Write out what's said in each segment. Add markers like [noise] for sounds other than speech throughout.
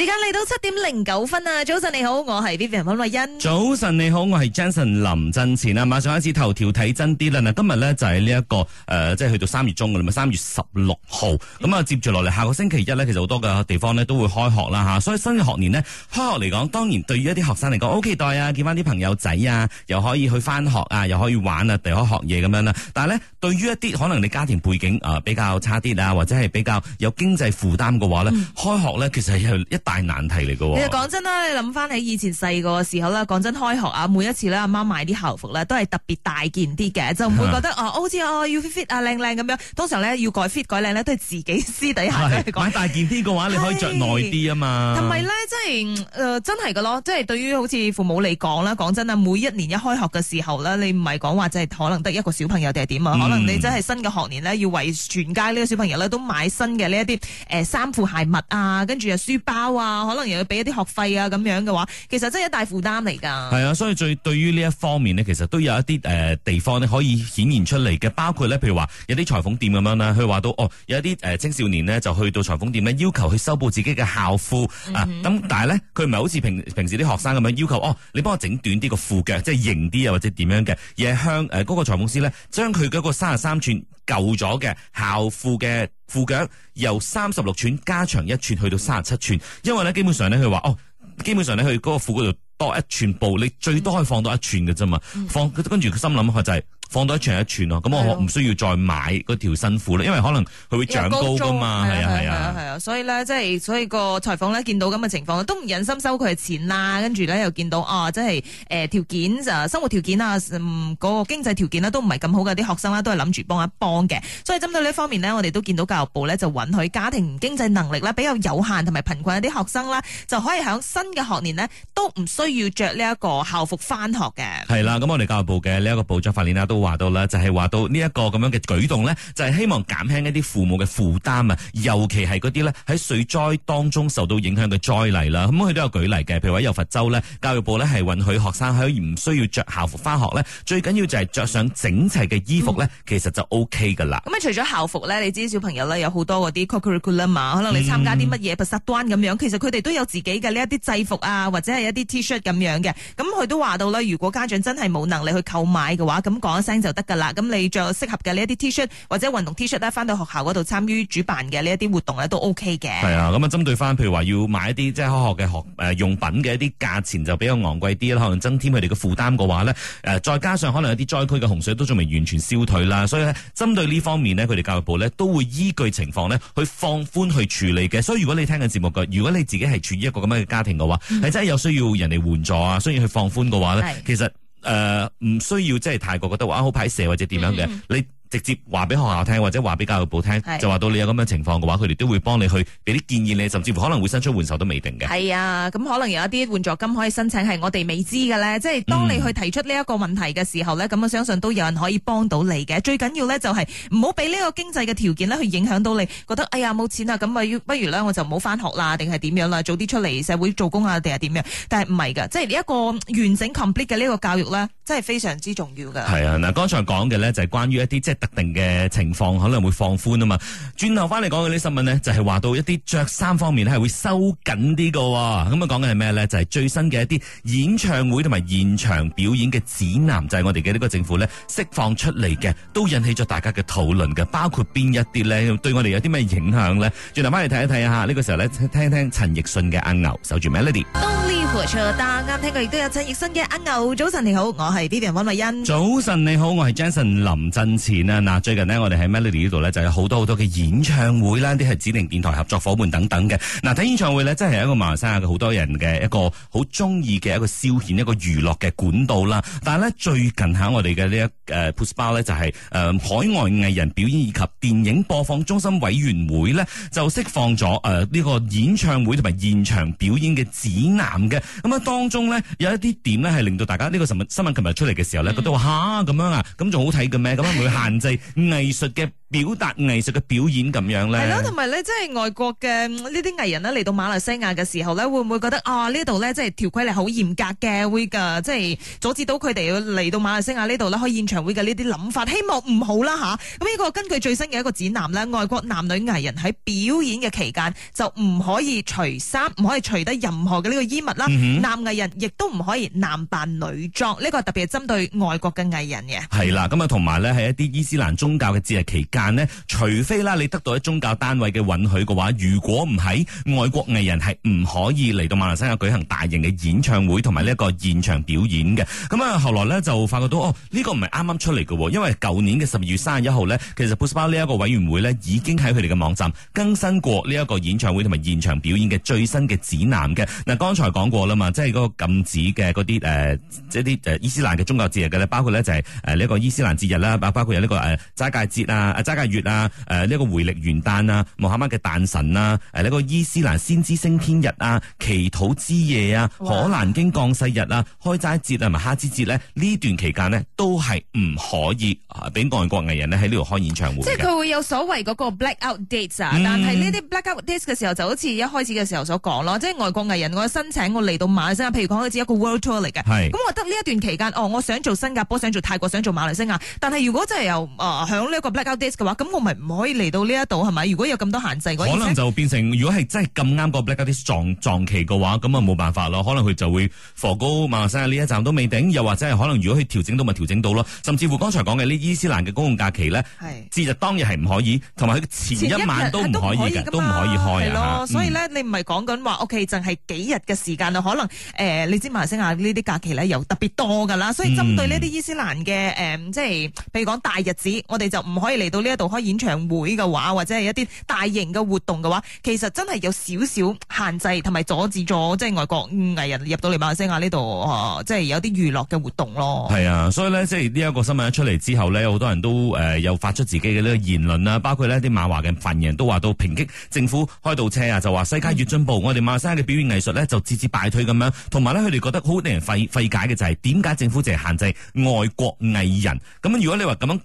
時間嚟到七點零九分啊！早晨你好，我係 Vivian 溫、嗯、慧欣。嗯、早晨你好，我係 Jensen 林振前啊！馬上開始頭條睇真啲啦！嗱，今日咧就喺呢一個誒，即、呃、係、就是、去到三月中噶啦，咪三月十六號。咁、嗯、啊、嗯嗯，接住落嚟下個星期一咧，其實好多嘅地方咧都會開學啦吓。所以新嘅學年呢，開學嚟講，當然對於一啲學生嚟講，好期待啊，見翻啲朋友仔啊，又可以去翻學啊，又可以玩啊，又可以學嘢咁樣啦。但係咧，對於一啲可能你家庭背景啊、呃、比較差啲啊，或者係比較有經濟負擔嘅話咧，嗯、開學咧其實係一。大難題嚟嘅喎！其實講真啦，你諗翻起以前細個嘅時候啦，講真開學啊，每一次咧，阿媽，媽買啲校服咧，都係特別大件啲嘅，就唔會覺得 [laughs] 哦，好似哦，哦要 fit fit 啊，靚靚咁樣。通常咧，要改 fit 改靚咧，都係自己私底下。是買大件啲嘅話，是你可以着耐啲啊嘛。同埋咧，即係誒，真係嘅咯，即係對於好似父母嚟講啦，講真啊，每一年一開學嘅時候啦，你唔係講話即係可能得一個小朋友定係點啊？可能你真係新嘅學年呢，要為全街呢個小朋友咧都買新嘅呢一啲誒衫褲鞋襪啊，跟住啊書包啊。話、啊、可能又要俾一啲學費啊咁樣嘅話，其實真係一大負擔嚟噶係啊，所以最對於呢一方面呢，其實都有一啲誒、呃、地方呢可以顯現出嚟嘅，包括咧，譬如話有啲裁縫店咁樣啦，佢話到哦，有一啲誒、呃、青少年呢就去到裁縫店、嗯哼啊、呢，要求去修補自己嘅校褲啊，咁但係咧佢唔係好似平平時啲學生咁樣要求哦，你幫我整短啲個褲腳，即係型啲啊或者點樣嘅，而係向誒嗰個裁縫師呢，將佢嗰個三十三吋。舊咗嘅校褲嘅褲腳由三十六寸加長一寸去到三十七寸，因為咧基本上咧佢話哦，基本上咧佢嗰個褲嗰度多一寸布，你最多可以放到一寸嘅啫嘛，放跟住佢心諗佢就係、是。放多一寸一寸咯，咁的我唔需要再買嗰條新褲啦，的因為可能佢會長高噶嘛，係啊係啊係啊，所以咧即係所以個裁縫咧見到咁嘅情況，都唔忍心收佢嘅錢啦。跟住咧又見到啊，即係誒條件生活條件啊，嗰、嗯那個經濟條件啦，都唔係咁好嘅啲學生啦，都係諗住幫一幫嘅。所以針對呢方面呢，我哋都見到教育部咧就允許家庭唔經濟能力啦，比較有限同埋貧困一啲學生啦，就可以響新嘅學年呢，都唔需要着呢一個校服翻學嘅。係啦，咁我哋教育部嘅呢一個保障法例啦都。話到啦，就係、是、話到呢一個咁樣嘅舉動呢，就係、是、希望減輕一啲父母嘅負擔啊，尤其係嗰啲呢喺水災當中受到影響嘅災黎啦。咁佢都有舉例嘅，譬如話有佛州呢，教育部呢係允許學生可以唔需要着校服翻學呢，最緊要就係着上整齊嘅衣服呢，其實就 OK 噶啦。咁啊，除咗校服呢，你知小朋友呢有好多嗰啲 curriculum 啊，可能你參加啲乜嘢 preschool 咁樣，其實佢哋都有自己嘅呢一啲制服啊，或者係一啲 T-shirt 咁樣嘅。咁佢都話到啦，如果家長真係冇能力去購買嘅話，咁講。就得噶啦，咁你着適合嘅呢一啲 T 恤、或者運動 T 恤咧，翻到學校嗰度參與主辦嘅呢一啲活動咧都 OK 嘅。係啊，咁啊針對翻譬如話要買一啲即係開學嘅學誒用品嘅一啲價錢就比較昂貴啲啦，可能增添佢哋嘅負擔嘅話咧，誒、呃、再加上可能有啲災區嘅洪水都仲未完全消退啦，所以針對呢方面呢，佢哋教育部咧都會依據情況咧去放寬去處理嘅。所以如果你聽緊節目嘅，如果你自己係處於一個咁樣嘅家庭嘅話，係、嗯、真係有需要人哋援助啊，需要去放寬嘅話咧，的其實。誒唔、呃、需要即係太過覺得話好排射或者點樣嘅、mm hmm. 你。直接話俾學校聽，或者話俾教育部聽，的就話到你有咁樣情況嘅話，佢哋都會幫你去俾啲建議你，甚至乎可能會伸出援手。都未定嘅。係啊，咁可能有一啲援助金可以申請，係我哋未知嘅咧。即係當你去提出呢一個問題嘅時候咧，咁、嗯、我相信都有人可以幫到你嘅。最緊要咧就係唔好俾呢個經濟嘅條件呢去影響到你，覺得哎呀冇錢啊，咁不如呢，我就唔好翻學啦，定係點樣啦，早啲出嚟社會做工啊，定係點樣？但係唔係㗎，即係呢一個完整 complete 嘅呢個教育咧，真係非常之重要嘅。係啊，嗱，剛才講嘅咧就係關於一啲即特定嘅情況可能會放寬啊嘛，轉頭翻嚟講嘅啲新聞呢就係、是、話到一啲着衫方面咧係會收緊啲嘅，咁啊講嘅係咩咧？就係、是、最新嘅一啲演唱會同埋現場表演嘅指南，就係、是、我哋嘅呢個政府咧釋放出嚟嘅，都引起咗大家嘅討論嘅，包括邊一啲咧？對我哋有啲咩影響咧？轉頭翻嚟睇一睇下，呢、這個時候咧聽一聽陳奕迅嘅《阿牛》，守住 Melody。動力火車啱啱聽過，亦都有陳奕迅嘅《阿牛》。早晨你好，我係 B B 人溫慧欣。早晨你好，我係 Jason 林振前。嗱，最近呢，我哋喺 Melody 呢度呢，就有好多好多嘅演唱會啦，啲係指定電台合作伙伴等等嘅。嗱，睇演唱會呢，真係一個馬來西亞嘅好多人嘅一個好中意嘅一個消遣、一個娛樂嘅管道啦。但係呢，最近吓我哋嘅呢一誒 p o s bar 呢，就係、是、誒海外藝人表演以及電影播放中心委員會呢，就釋放咗誒呢個演唱會同埋現場表演嘅指南嘅。咁啊，當中呢，有一啲點呢，係令到大家呢、這個新聞新聞琴日出嚟嘅時候呢，覺得話吓，咁、啊、樣啊，咁仲好睇嘅咩？咁樣會限。藝術嘅。表達藝術嘅表演咁樣咧，係啦同埋咧，即係外國嘅呢啲藝人呢嚟到馬來西亞嘅時候咧，會唔會覺得啊呢度咧即係條規例好嚴格嘅，會㗎，即係阻止到佢哋嚟到馬來西亞呢度咧開演唱會嘅呢啲諗法？希望唔好啦吓。咁、啊、呢個根據最新嘅一個指南呢外國男女藝人喺表演嘅期間就唔可以除衫，唔可以除得任何嘅呢個衣物啦。嗯、哼男藝人亦都唔可以男扮女裝。呢、這個特別係針對外國嘅藝人嘅。係啦，咁啊同埋咧係一啲伊斯蘭宗教嘅節日期間。但呢，除非啦，你得到一宗教單位嘅允許嘅話，如果唔係外國藝人係唔可以嚟到馬來西亞舉行大型嘅演唱會同埋呢一個現場表演嘅。咁啊，後來呢就發覺到哦，呢、這個唔係啱啱出嚟嘅，因為舊年嘅十二月三十一號呢，其實布斯巴呢一個委員會呢已經喺佢哋嘅網站更新過呢一個演唱會同埋現場表演嘅最新嘅指南嘅。嗱，剛才講過啦嘛，即係嗰個禁止嘅嗰啲誒，一啲誒伊斯蘭嘅宗教節日嘅，包括呢就係誒呢個伊斯蘭節日啦，包括有呢、這個誒齋、呃、戒節啊。加月啊！誒、這、呢個回曆元旦啊，穆罕瑪嘅誕辰啊，誒、這、呢個伊斯蘭先知升天日啊，祈禱之夜啊，哇可蘭經降世日啊，開齋節啊，咪哈芝節咧？呢段期間呢，都係唔可以俾外國藝人咧喺呢度開演唱會。即係佢會有所謂嗰個 blackout dates 啊，嗯、但係呢啲 blackout dates 嘅時候就好似一開始嘅時候所講咯，即係外國藝人我申請我嚟到馬來西亞，譬如講好似一個 world tour 嚟嘅，咁是、嗯、我覺得呢一段期間，哦，我想做新加坡，想做泰國，想做馬來西亞，但係如果真係由啊，響呢一個 blackout dates 嘅話，咁我咪唔可以嚟到呢一度係咪？如果有咁多限制，可能就變成如果係真係咁啱個 Blackout 撞期嘅話，咁啊冇辦法咯。可能佢就會 forgo 馬來西亞呢一站都未頂，又或者係可能如果佢調整,整到咪調整到咯。甚至乎剛才講嘅呢伊斯蘭嘅公共假期呢，係節是日當日係唔可以，同埋佢前一晚都唔可以嘅，都唔可,可,可以開啊的、嗯。所以呢，你唔係講緊話 OK 淨係幾日嘅時間可能誒、呃，你知馬來西亞呢啲假期呢又特別多㗎啦。所以針對呢啲伊斯蘭嘅誒，即係譬如講大日子，我哋就唔可以嚟到呢。喺度開演唱會嘅話，或者係一啲大型嘅活動嘅話，其實真係有少少限制同埋阻止咗，即係外國藝人入到嚟馬來西亞呢度，即係有啲娛樂嘅活動咯。係啊，所以呢，即係呢一個新聞一出嚟之後呢，好多人都誒又發出自己嘅呢個言論啊，包括呢啲馬華嘅份人都話到抨擊政府開倒車啊，就話世界越進步，嗯、我哋馬來西亞嘅表演藝術呢，就節節敗退咁樣。同埋呢，佢哋覺得好令人費費解嘅就係點解政府淨係限制外國藝人？咁如果你話咁樣。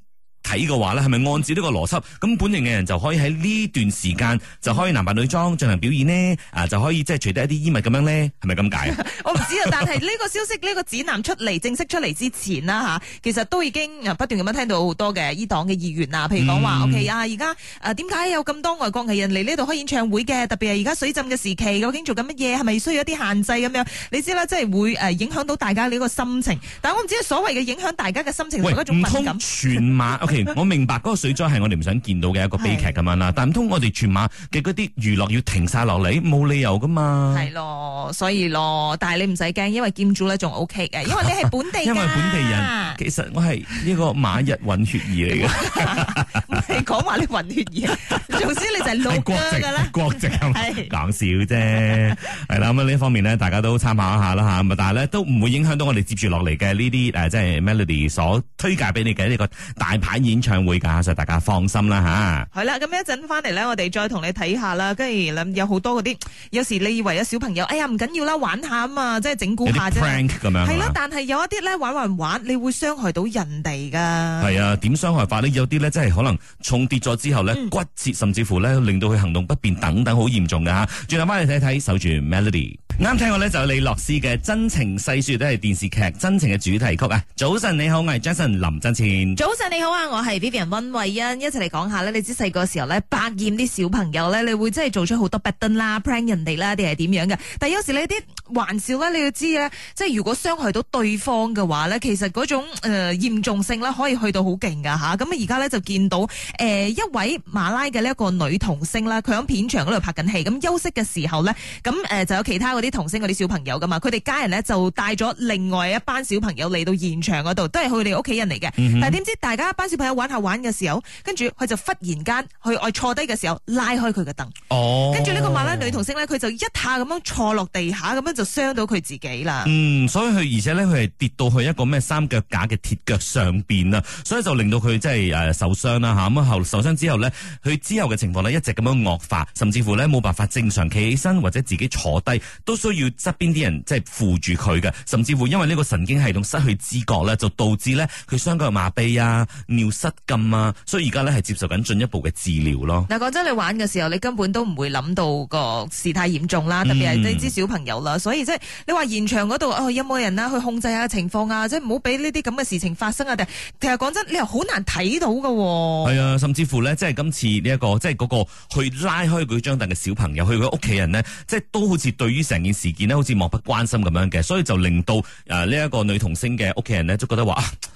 睇嘅話咧，係咪按照呢個邏輯咁本營嘅人就可以喺呢段時間就可以男扮女裝進行表演呢？啊，就可以即係除低一啲衣物咁樣咧？係咪咁解？我唔知啊，但係呢個消息呢 [laughs] 個展覽出嚟，正式出嚟之前啦吓，其實都已經不斷咁樣聽到好多嘅伊黨嘅議員啊，譬如講話、嗯、OK 啊，而家點解有咁多外國藝人嚟呢度開演唱會嘅？特別係而家水浸嘅時期，究竟做緊乜嘢？係咪需要一啲限制咁樣？你知啦，即係會影響到大家呢個心情。但我唔知所謂嘅影響大家嘅心情係喂一種敏感？唔通全馬 okay, 我明白嗰個水災係我哋唔想見到嘅一個悲劇咁樣啦，的但唔通我哋全馬嘅嗰啲娛樂要停晒落嚟，冇理由噶嘛？係咯，所以咯，但係你唔使驚，因為建築咧仲 O K 嘅，因為你係本地，因為本地人，其實我係一個馬日混血兒嚟嘅。 [laughs] [laughs] 你講話你混血兒， [laughs] 做之你就係六噶啦，國籍啦，講是笑啫，係啦咁啊呢方面咧，大家都參考一下啦吓咁啊，但係咧都唔會影響到我哋接住落嚟嘅呢啲誒，即係 melody 所推介俾你嘅呢個大牌演唱會㗎，所以大家放心啦吓，係啦，咁一陣翻嚟咧，我哋再同你睇下啦，跟住有好多嗰啲，有時你以為有小朋友，哎呀唔緊要啦，玩下啊嘛，即係整蠱下啫，咁樣係啦。但係有一啲咧玩還玩，你會傷害到人哋㗎。係啊，點傷害法咧？有啲咧即係可能。重跌咗之後呢、嗯、骨折甚至乎呢令到佢行動不便等等，好嚴重㗎。嚇。轉頭翻嚟睇睇，守住 Melody。啱聽我咧就有李樂詩嘅真情細說都係電視劇真情嘅主題曲啊！早晨你好，我係 Jason 林振前。早晨你好啊，我係 Vivian 溫慧欣，一齊嚟講下咧。你知細個時候咧，百厭啲小朋友咧，你會真係做出好多 bad 啦，prank 人哋啦，定係點樣嘅。但係有時呢啲玩笑咧，你要知咧，即係如果傷害到對方嘅話咧，其實嗰種誒、呃、嚴重性咧，可以去到好勁噶吓。咁啊而家咧就見到誒、呃、一位馬拉嘅呢一個女童星啦，佢響片場嗰度拍緊戲，咁休息嘅時候咧，咁誒就有其他啲童星嗰啲小朋友噶嘛，佢哋家人咧就帶咗另外一班小朋友嚟到現場嗰度，都係佢哋屋企人嚟嘅。嗯、哼但係點知大家一班小朋友玩下玩嘅時候，跟住佢就忽然間去愛坐低嘅時候，拉開佢嘅凳。哦，跟住呢個馬拉女童星咧，佢就一下咁樣坐落地下，咁樣就傷到佢自己啦。嗯，所以佢而且咧，佢係跌到去一個咩三腳架嘅鐵腳上邊啦，所以就令到佢即係誒受傷啦吓。咁後受傷之後咧，佢之後嘅情況呢，一直咁樣惡化，甚至乎咧冇辦法正常企起身或者自己坐低都。都需要側邊啲人即係扶住佢嘅，甚至乎因為呢個神經系統失去知覺咧，就導致咧佢雙腳麻痹啊、尿失禁啊，所以而家咧係接受緊進一步嘅治療咯。嗱，講真，你玩嘅時候你根本都唔會諗到個事態嚴重啦，特別係呢啲小朋友啦，嗯、所以即係你話現場嗰度哦，有冇人啊去控制下、啊、情況啊，即係唔好俾呢啲咁嘅事情發生啊？但其實講真，你又好難睇到嘅喎、啊。係啊，甚至乎咧，即係今次呢、這、一個即係嗰個去拉開佢張凳嘅小朋友，去佢屋企人呢，即係都好似對於成。事件咧，好似漠不關心咁樣嘅，所以就令到誒呢一個女童星嘅屋企人咧，都覺得話。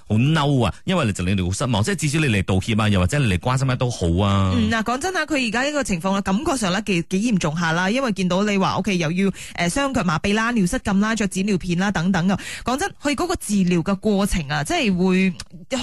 好嬲啊！因為你就你哋好失望，即係至少你嚟道歉啊，又或者你嚟關心乜都好啊。嗱、嗯，講真啊，佢而家呢個情況啊，感覺上咧幾幾嚴重下啦，因為見到你話屋企又要誒雙腳麻痹啦、尿失禁啦、着紙尿片啦等等啊。講真，佢嗰個治療嘅過程啊，即係會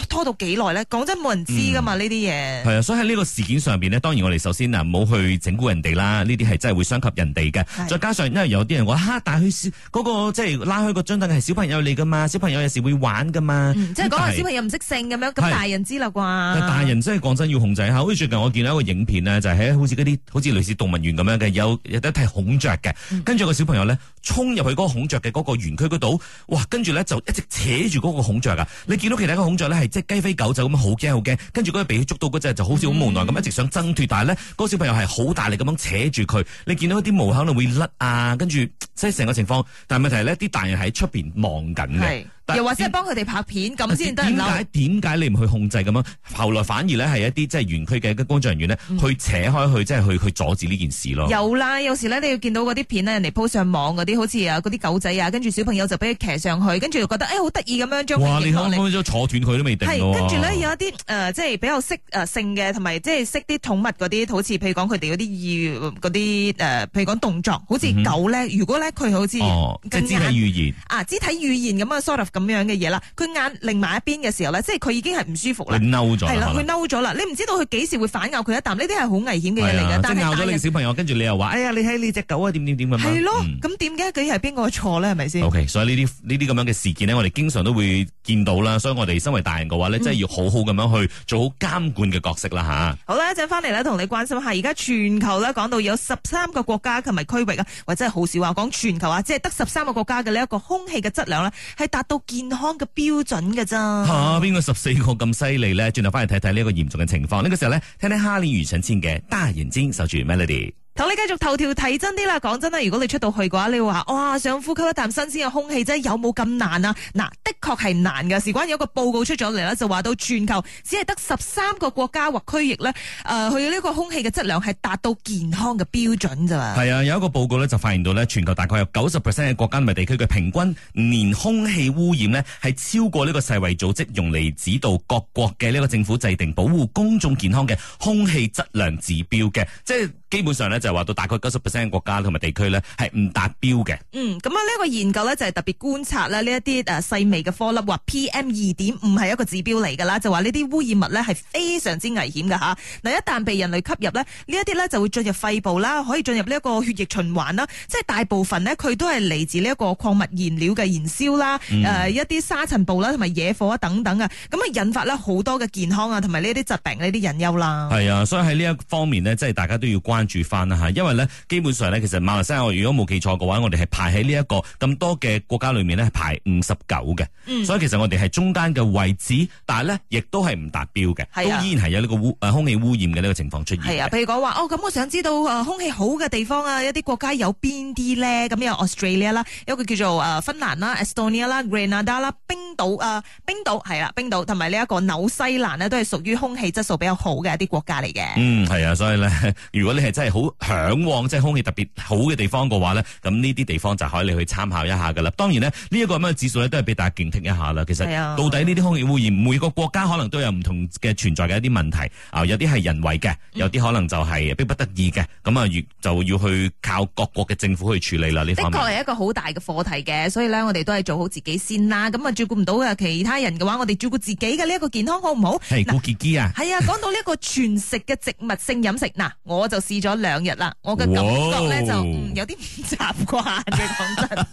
拖到幾耐咧？講真，冇人知噶嘛呢啲嘢。係啊、嗯，所以喺呢個事件上邊呢，當然我哋首先啊，唔好去整蠱人哋啦。呢啲係真係會傷及人哋嘅。的再加上因為有啲人話嚇，但佢嗰個即係拉開個張凳係小朋友嚟噶嘛，小朋友有時會玩噶嘛，嗯、即係。嗯。哦、可能小朋友唔識性咁樣，咁是大人知啦啩。但大人真係講真要控制下。好似最近我見到一個影片咧，就係好似嗰啲好似類似動物園咁樣嘅，有有得睇孔雀嘅，嗯、跟住個小朋友咧。衝入去嗰個孔雀嘅嗰個園區嗰度，哇！跟住咧就一直扯住嗰個孔雀啊！你見到其他個孔雀咧係即係雞飛狗走咁，好驚好驚。跟住嗰個畀佢捉到嗰隻就好似好無奈咁，一直想掙脱，但係咧嗰個小朋友係好大力咁樣扯住佢。你見到啲毛可能會甩啊，跟住即係成個情況。但係問題係咧，啲大人喺出邊望緊嘅，又或者係幫佢哋拍片咁先得。點解，點解你唔去控制咁樣？後來反而咧係一啲即係園區嘅工作人員呢、嗯，去扯開去，即係去去阻止呢件事咯。有啦，有時咧你要見到嗰啲片咧，人哋鋪上網嗰啲。好似啊嗰啲狗仔啊，跟住小朋友就俾佢騎上去，跟住覺得誒好得意咁樣將佢跌落嚟，你可唔可以坐斷佢都未定、啊。跟住咧有一啲誒、呃，即係比較識誒、呃、性嘅，同埋即係識啲寵物嗰啲，好似譬如講佢哋嗰啲意嗰啲誒，譬如講動作，好似狗咧，如果咧佢好似、哦、即係肢體語言啊，肢體語言咁 sort of 咁樣嘅嘢啦，佢眼擰埋一邊嘅時候咧，即係佢已經係唔舒服啦，嬲咗佢嬲咗啦，你唔知道佢幾時會反咬佢一啖，呢啲係好危險嘅嘢嚟嘅。即係、啊、是咬咗你小朋友，跟住但你又話，哎呀，你睇你隻狗啊點點點咁，係咯，咁點嘅？嗯。究竟係邊個嘅錯咧？係咪先？O K，所以呢啲呢啲咁樣嘅事件呢，我哋經常都會見到啦。所以我哋身為大人嘅話呢，嗯、真係要好好咁樣去做好監管嘅角色啦。吓，好啦，一陣翻嚟咧，同你關心下。而家全球咧，講到有十三個國家同埋區域啊，或者係好少話講全球啊，即係得十三個國家嘅呢一個空氣嘅質量呢，係達到健康嘅標準嘅咋吓？邊、啊、個十四個咁犀利咧？轉頭翻嚟睇睇呢一個嚴重嘅情況。呢、這個時候呢，聽聽哈利與陳千嘅大眼之守住 Melody。同你繼續頭條睇真啲啦，講真啦，如果你出到去嘅話，你話哇，想呼吸一啖新鮮嘅空氣真係有冇咁難啊？嗱、啊，的確係難噶。事關有一個報告出咗嚟啦，就話到全球只係得十三個國家或區域咧，誒、呃，佢呢個空氣嘅質量係達到健康嘅標準咋。係啊，有一個報告咧就發現到咧，全球大概有九十 percent 嘅國家同埋地區嘅平均年空氣污染呢係超過呢個世衛組織用嚟指導各國嘅呢個政府制定保護公眾健康嘅空氣質量指標嘅，即係。基本上咧就話到大概九十 percent 國家同埋地區咧係唔達標嘅。嗯，咁啊呢個研究咧就係特別觀察啦呢一啲誒細微嘅顆粒，或 PM 二點五係一個指標嚟噶啦，就話呢啲污染物咧係非常之危險㗎。吓。嗱，一旦被人類吸入咧，呢一啲咧就會進入肺部啦，可以進入呢一個血液循環啦，即係大部分呢，佢都係嚟自呢一個礦物燃料嘅燃燒啦，誒、嗯呃、一啲沙塵暴啦同埋野火啊等等啊，咁啊引發咧好多嘅健康啊同埋呢一啲疾病呢啲隱憂啦。係啊，所以喺呢一方面呢，即係大家都要關。關注翻啦嚇，因為咧基本上咧，其實馬來西亞，我如果冇記錯嘅話，我哋係排喺呢一個咁多嘅國家裏面咧，係排五十九嘅。嗯，所以其實我哋係中間嘅位置，但係咧亦都係唔達標嘅，係啊、都依然係有呢個污空氣污染嘅呢個情況出現。啊、譬如講話哦，咁我想知道誒空氣好嘅地方啊，一啲國家有邊啲咧？咁有 Australia 啦，有個叫做誒芬蘭啦、Estonia、啊、啦、Grenada 啦、冰島誒冰島係啦，冰島同埋呢一個紐西蘭呢，都係屬於空氣質素比較好嘅一啲國家嚟嘅。嗯，係啊，所以咧，如果你係真係好向往，即係空氣特別好嘅地方嘅話呢。咁呢啲地方就可以你去參考一下噶啦。當然呢，呢、這、一個咁嘅指數咧，都係俾大家警惕一下啦。其實到底呢啲空氣污染，每個國家可能都有唔同嘅存在嘅一啲問題啊，有啲係人為嘅，有啲可能就係逼不得已嘅。咁啊、嗯，就要去靠各國嘅政府去處理啦。呢方面的確係一個好大嘅課題嘅，所以呢，我哋都係做好自己先啦。咁啊，照顧唔到其他人嘅話，我哋照顧自己嘅呢一個健康好唔好？係古杰杰啊，係啊，講到呢一個全食嘅植物性飲食，嗱， [laughs] 我就試。咗兩日啦，我嘅感覺咧哇、哦、就、嗯、有啲唔習慣嘅，講真。誒、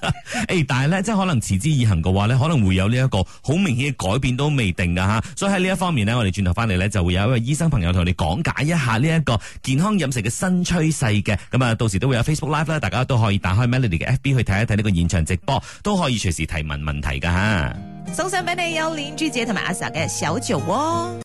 [laughs] 哎，但係咧，即係可能持之以恒嘅話咧，可能會有呢一個好明顯嘅改變都未定噶吓。所以喺呢一方面咧，我哋轉頭翻嚟咧就會有一位醫生朋友同我哋講解一下呢一個健康飲食嘅新趨勢嘅。咁啊，到時都會有 Facebook Live 啦，大家都可以打開 Melody 嘅 FB 去睇一睇呢個現場直播，都可以隨時提問問題噶吓。送上俾你有臉珠姐同埋阿 Sa 嘅小酒喎、哦。